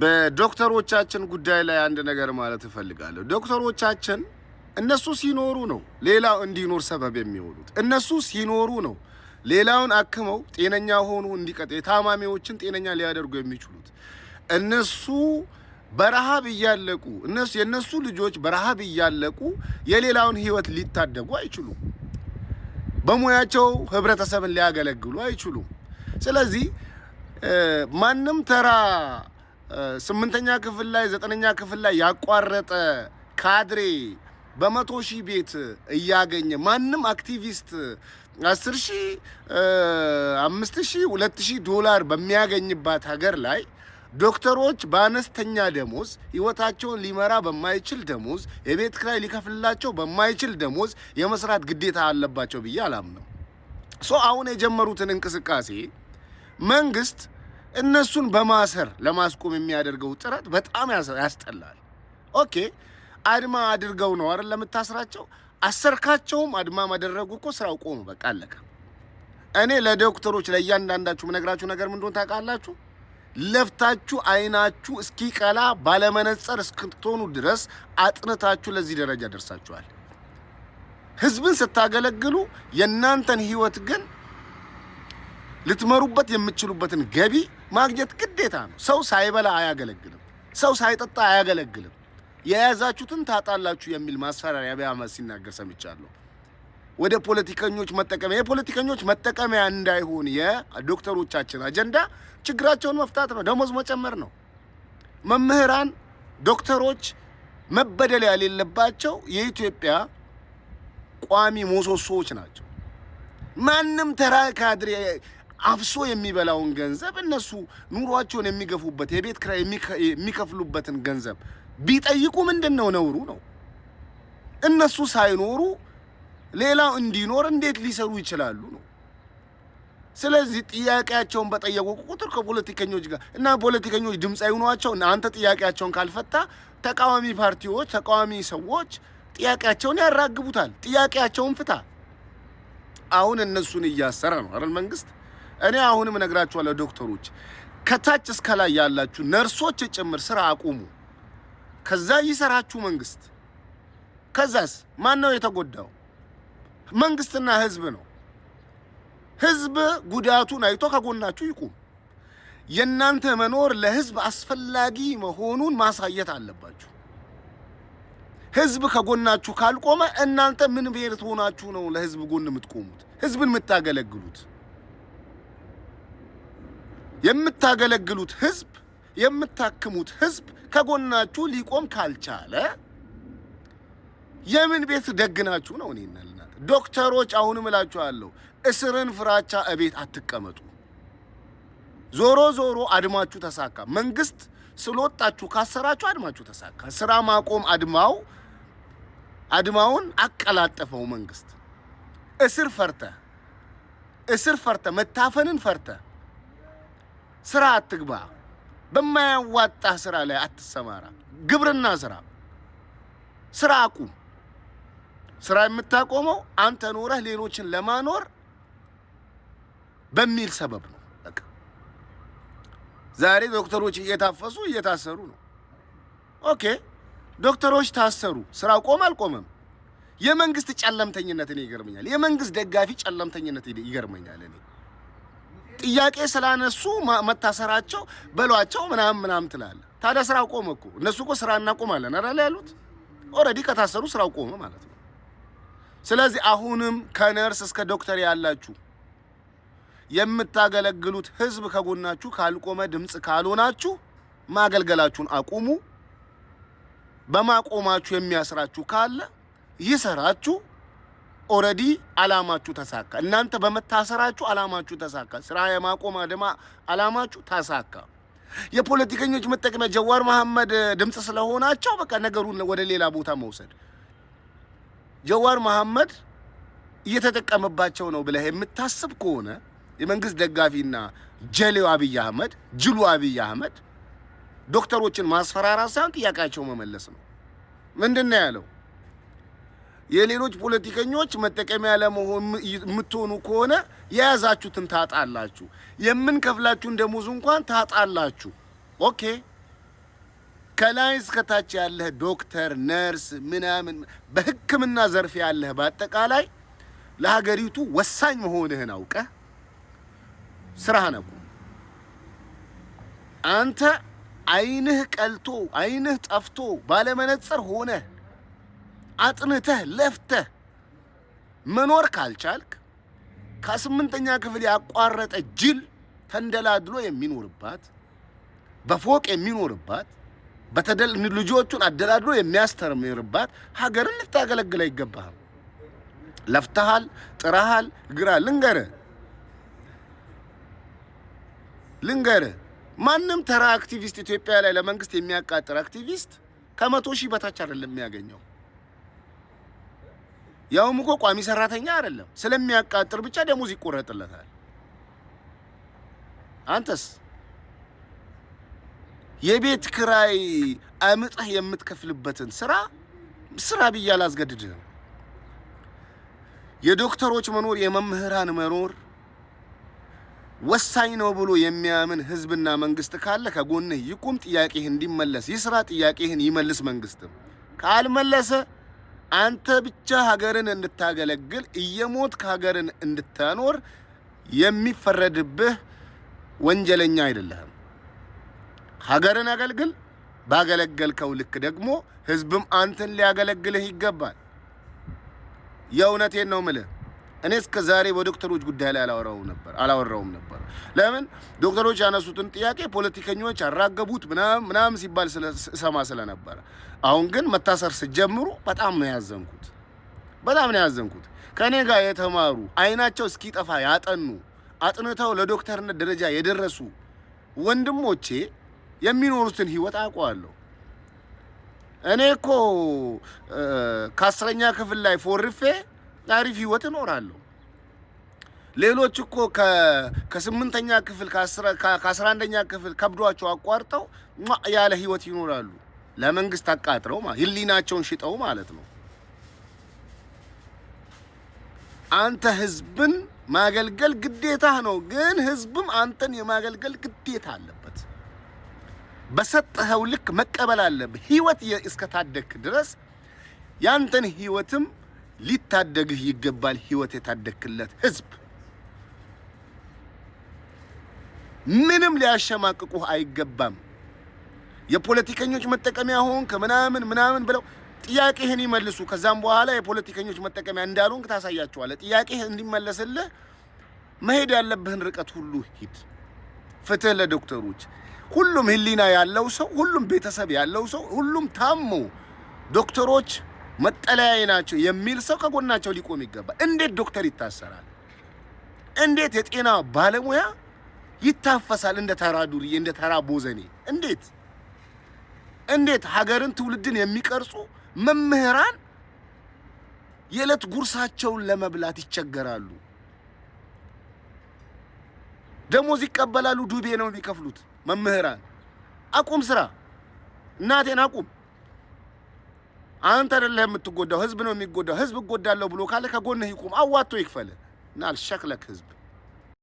በዶክተሮቻችን ጉዳይ ላይ አንድ ነገር ማለት እፈልጋለሁ። ዶክተሮቻችን እነሱ ሲኖሩ ነው ሌላው እንዲኖር ሰበብ የሚሆኑት። እነሱ ሲኖሩ ነው ሌላውን አክመው ጤነኛ ሆኑ እንዲቀጥ የታማሚዎችን ጤነኛ ሊያደርጉ የሚችሉት። እነሱ በረሃብ እያለቁ እነሱ የእነሱ ልጆች በረሃብ እያለቁ የሌላውን ህይወት ሊታደጉ አይችሉም። በሙያቸው ህብረተሰብን ሊያገለግሉ አይችሉም። ስለዚህ ማንም ተራ ስምንተኛ ክፍል ላይ ዘጠነኛ ክፍል ላይ ያቋረጠ ካድሬ በመቶ ሺህ ቤት እያገኘ ማንም አክቲቪስት አስር ሺህ አምስት ሺህ ሁለት ሺህ ዶላር በሚያገኝባት ሀገር ላይ ዶክተሮች በአነስተኛ ደሞዝ ህይወታቸውን ሊመራ በማይችል ደሞዝ የቤት ክራይ ሊከፍልላቸው በማይችል ደሞዝ የመስራት ግዴታ አለባቸው ብዬ አላምነው። ሶ አሁን የጀመሩትን እንቅስቃሴ መንግስት እነሱን በማሰር ለማስቆም የሚያደርገው ጥረት በጣም ያስጠላል። ኦኬ አድማ አድርገው ነው አይደል ለምታስራቸው አሰርካቸውም አድማ ማደረጉ እኮ ስራው ቆሙ፣ በቃ አለቀ። እኔ ለዶክተሮች ለእያንዳንዳችሁ ምነግራችሁ ነገር ምን እንደሆነ ታውቃላችሁ? ለፍታችሁ አይናችሁ እስኪቀላ ባለመነጽር እስክትሆኑ ድረስ አጥንታችሁ ለዚህ ደረጃ ደርሳችኋል። ህዝብን ስታገለግሉ የእናንተን ህይወት ግን ልትመሩበት የምትችሉበትን ገቢ ማግኘት ግዴታ ነው። ሰው ሳይበላ አያገለግልም። ሰው ሳይጠጣ አያገለግልም። የያዛችሁትን ታጣላችሁ የሚል ማስፈራሪያ ቢያመ ሲናገር ሰምቻለሁ። ወደ ፖለቲከኞች መጠቀሚያ የፖለቲከኞች መጠቀሚያ እንዳይሆን የዶክተሮቻችን አጀንዳ ችግራቸውን መፍታት ነው፣ ደሞዝ መጨመር ነው። መምህራን፣ ዶክተሮች መበደል የሌለባቸው የኢትዮጵያ ቋሚ ምሰሶዎች ናቸው። ማንም ተራ ካድሬ አፍሶ የሚበላውን ገንዘብ እነሱ ኑሯቸውን የሚገፉበት የቤት ኪራይ የሚከፍሉበትን ገንዘብ ቢጠይቁ ምንድን ነው ነውሩ ነው? እነሱ ሳይኖሩ ሌላው እንዲኖር እንዴት ሊሰሩ ይችላሉ ነው? ስለዚህ ጥያቄያቸውን በጠየቁ ቁጥር ከፖለቲከኞች ጋር እና ፖለቲከኞች ድምፅ አይሆኗቸው። አንተ ጥያቄያቸውን ካልፈታ ተቃዋሚ ፓርቲዎች፣ ተቃዋሚ ሰዎች ጥያቄያቸውን ያራግቡታል። ጥያቄያቸውን ፍታ። አሁን እነሱን እያሰረ ነው አይደል መንግስት? እኔ አሁንም እነግራችኋለሁ ዶክተሮች፣ ከታች እስከ ላይ ያላችሁ ነርሶች ጭምር ስራ አቁሙ። ከዛ ይሰራችሁ መንግስት። ከዛስ ማን ነው የተጎዳው? መንግስትና ህዝብ ነው። ህዝብ ጉዳቱን አይቶ ከጎናችሁ ይቁም። የእናንተ መኖር ለህዝብ አስፈላጊ መሆኑን ማሳየት አለባችሁ። ህዝብ ከጎናችሁ ካልቆመ እናንተ ምን ብሔር ትሆናችሁ ነው ለህዝብ ጎን የምትቆሙት? ህዝብን የምታገለግሉት የምታገለግሉት ህዝብ፣ የምታክሙት ህዝብ ከጎናችሁ ሊቆም ካልቻለ የምን ቤት ደግናችሁ ነው? እኔ እናልና ዶክተሮች፣ አሁንም እላችኋለሁ እስርን ፍራቻ እቤት አትቀመጡ። ዞሮ ዞሮ አድማችሁ ተሳካ። መንግስት ስለወጣችሁ ካሰራችሁ አድማችሁ ተሳካ። ስራ ማቆም አድማው አድማውን አቀላጠፈው መንግስት። እስር ፈርተ እስር ፈርተ መታፈንን ፈርተ ስራ አትግባ፣ በማያዋጣ ስራ ላይ አትሰማራ። ግብርና ስራ ስራ አቁም። ስራ የምታቆመው አንተ ኖረህ ሌሎችን ለማኖር በሚል ሰበብ ነው። በቃ ዛሬ ዶክተሮች እየታፈሱ እየታሰሩ ነው። ኦኬ ዶክተሮች ታሰሩ። ስራ ቆም አልቆመም፣ የመንግስት ጨለምተኝነት እኔ ይገርመኛል። የመንግስት ደጋፊ ጨለምተኝነት ይገርመኛል እኔ ጥያቄ ስላነሱ መታሰራቸው በሏቸው ምናምን ምናምን ትላለ። ታዲያ ስራ ቆመ እኮ። እነሱ እኮ ስራ እናቆማለን አይደል ያሉት። ኦልሬዲ ከታሰሩ ስራው ቆመ ማለት ነው። ስለዚህ አሁንም ከነርስ እስከ ዶክተር ያላችሁ የምታገለግሉት ህዝብ ከጎናችሁ ካልቆመ ድምፅ ካልሆናችሁ ማገልገላችሁን አቁሙ። በማቆማችሁ የሚያስራችሁ ካለ ይሰራችሁ። ኦረዲ አላማችሁ ተሳካ። እናንተ በመታሰራችሁ አላማችሁ ተሳካ። ስራ የማቆም አድማ አላማችሁ ተሳካ። የፖለቲከኞች መጠቀሚያ ጀዋር መሐመድ ድምፅ ስለሆናቸው በቃ ነገሩን ወደ ሌላ ቦታ መውሰድ ጀዋር መሐመድ እየተጠቀመባቸው ነው ብለህ የምታስብ ከሆነ የመንግስት ደጋፊና ጀሌው አብይ አህመድ ጅሉ አብይ አህመድ ዶክተሮችን ማስፈራራት ሳይሆን ጥያቄያቸው መመለስ ነው። ምንድን ነው ያለው? የሌሎች ፖለቲከኞች መጠቀሚያ ለመሆን የምትሆኑ ከሆነ የያዛችሁትን ታጣላችሁ። የምንከፍላችሁን ደሞዝ እንኳን ታጣላችሁ። ኦኬ ከላይ እስከታች ያለህ ዶክተር፣ ነርስ፣ ምናምን በሕክምና ዘርፍ ያለህ በአጠቃላይ ለሀገሪቱ ወሳኝ መሆንህን አውቀህ ስራህን ነቁ። አንተ አይንህ ቀልቶ አይንህ ጠፍቶ ባለመነጽር ሆነህ አጥንተህ ለፍተህ መኖር ካልቻልክ ከስምንተኛ ክፍል ያቋረጠ ጅል ተንደላድሎ የሚኖርባት በፎቅ የሚኖርባት በተደል ልጆቹን አደላድሎ የሚያስተምርባት ሀገርን ልታገለግል አይገባህም። ለፍተሃል፣ ጥረሃል፣ ግራ ልንገር ልንገር ማንም ተራ አክቲቪስት ኢትዮጵያ ላይ ለመንግስት የሚያቃጥር አክቲቪስት ከመቶ ሺህ በታች አይደለም የሚያገኘው። ያውም እኮ ቋሚ ሰራተኛ አይደለም። ስለሚያቃጥር ብቻ ደሞዝ ይቆረጥለታል። አንተስ የቤት ክራይ አምጠህ የምትከፍልበትን ስራ ስራ ብዬ አላስገድድህም። የዶክተሮች መኖር የመምህራን መኖር ወሳኝ ነው ብሎ የሚያምን ህዝብና መንግስት ካለ ከጎንህ ይቁም። ጥያቄህ እንዲመለስ ይስራ። ጥያቄህን ይመልስ መንግስትም ካልመለሰ አንተ ብቻ ሀገርን እንድታገለግል እየሞትክ ሀገርን እንድታኖር የሚፈረድብህ ወንጀለኛ አይደለህም። ሀገርን አገልግል። ባገለገልከው ልክ ደግሞ ህዝብም አንተን ሊያገለግልህ ይገባል። የእውነቴን ነው ምልህ። እኔ እስከ ዛሬ በዶክተሮች ጉዳይ ላይ አላወራው ነበር አላወራውም ነበር። ለምን ዶክተሮች ያነሱትን ጥያቄ ፖለቲከኞች ያራገቡት ምናምን ሲባል እሰማ ስለነበረ፣ አሁን ግን መታሰር ስጀምሩ በጣም ነው ያዘንኩት። በጣም ነው ያዘንኩት። ከእኔ ጋር የተማሩ አይናቸው እስኪጠፋ ያጠኑ አጥንተው ለዶክተርነት ደረጃ የደረሱ ወንድሞቼ የሚኖሩትን ህይወት አውቀዋለሁ። እኔ እኮ ከአስረኛ ክፍል ላይ ፎርፌ አሪፍ ህይወት እኖራለሁ። ሌሎች እኮ ከስምንተኛ ክፍል ከአስራ አንደኛ ክፍል ከብዷቸው አቋርጠው ያለ ህይወት ይኖራሉ። ለመንግስት አቃጥረው ህሊናቸውን ሽጠው ማለት ነው። አንተ ህዝብን ማገልገል ግዴታህ ነው፣ ግን ህዝብም አንተን የማገልገል ግዴታ አለበት። በሰጠኸው ልክ መቀበል አለብህ። ህይወት እስከታደክ ድረስ ያንተን ህይወትም ሊታደግህ ይገባል። ህይወት የታደክለት ህዝብ ምንም ሊያሸማቅቁህ አይገባም። የፖለቲከኞች መጠቀሚያ ሆንክ ምናምን ምናምን ብለው ጥያቄህን ይመልሱ። ከዛም በኋላ የፖለቲከኞች መጠቀሚያ እንዳልሆንክ ታሳያቸዋለህ። ጥያቄህ እንዲመለስልህ መሄድ ያለብህን ርቀት ሁሉ ሂድ። ፍትህ ለዶክተሮች፣ ሁሉም ህሊና ያለው ሰው፣ ሁሉም ቤተሰብ ያለው ሰው፣ ሁሉም ታሞ ዶክተሮች መጠለያዬ ናቸው የሚል ሰው ከጎናቸው ሊቆም ይገባል። እንዴት ዶክተር ይታሰራል? እንዴት የጤና ባለሙያ ይታፈሳል? እንደ ተራ ዱርዬ፣ እንደ ተራ ቦዘኔ እንዴት እንዴት ሀገርን ትውልድን የሚቀርጹ መምህራን የዕለት ጉርሳቸውን ለመብላት ይቸገራሉ። ደሞዝ ይቀበላሉ፣ ዱቤ ነው የሚከፍሉት። መምህራን አቁም ስራ፣ እናቴን አቁም። አንተ አይደለህ የምትጎዳው፣ ህዝብ ነው የሚጎዳው። ህዝብ እጎዳለሁ ብሎ ካለ ከጎንህ ይቁም፣ አዋቶ ይክፈል ናል ሸክለክ ህዝብ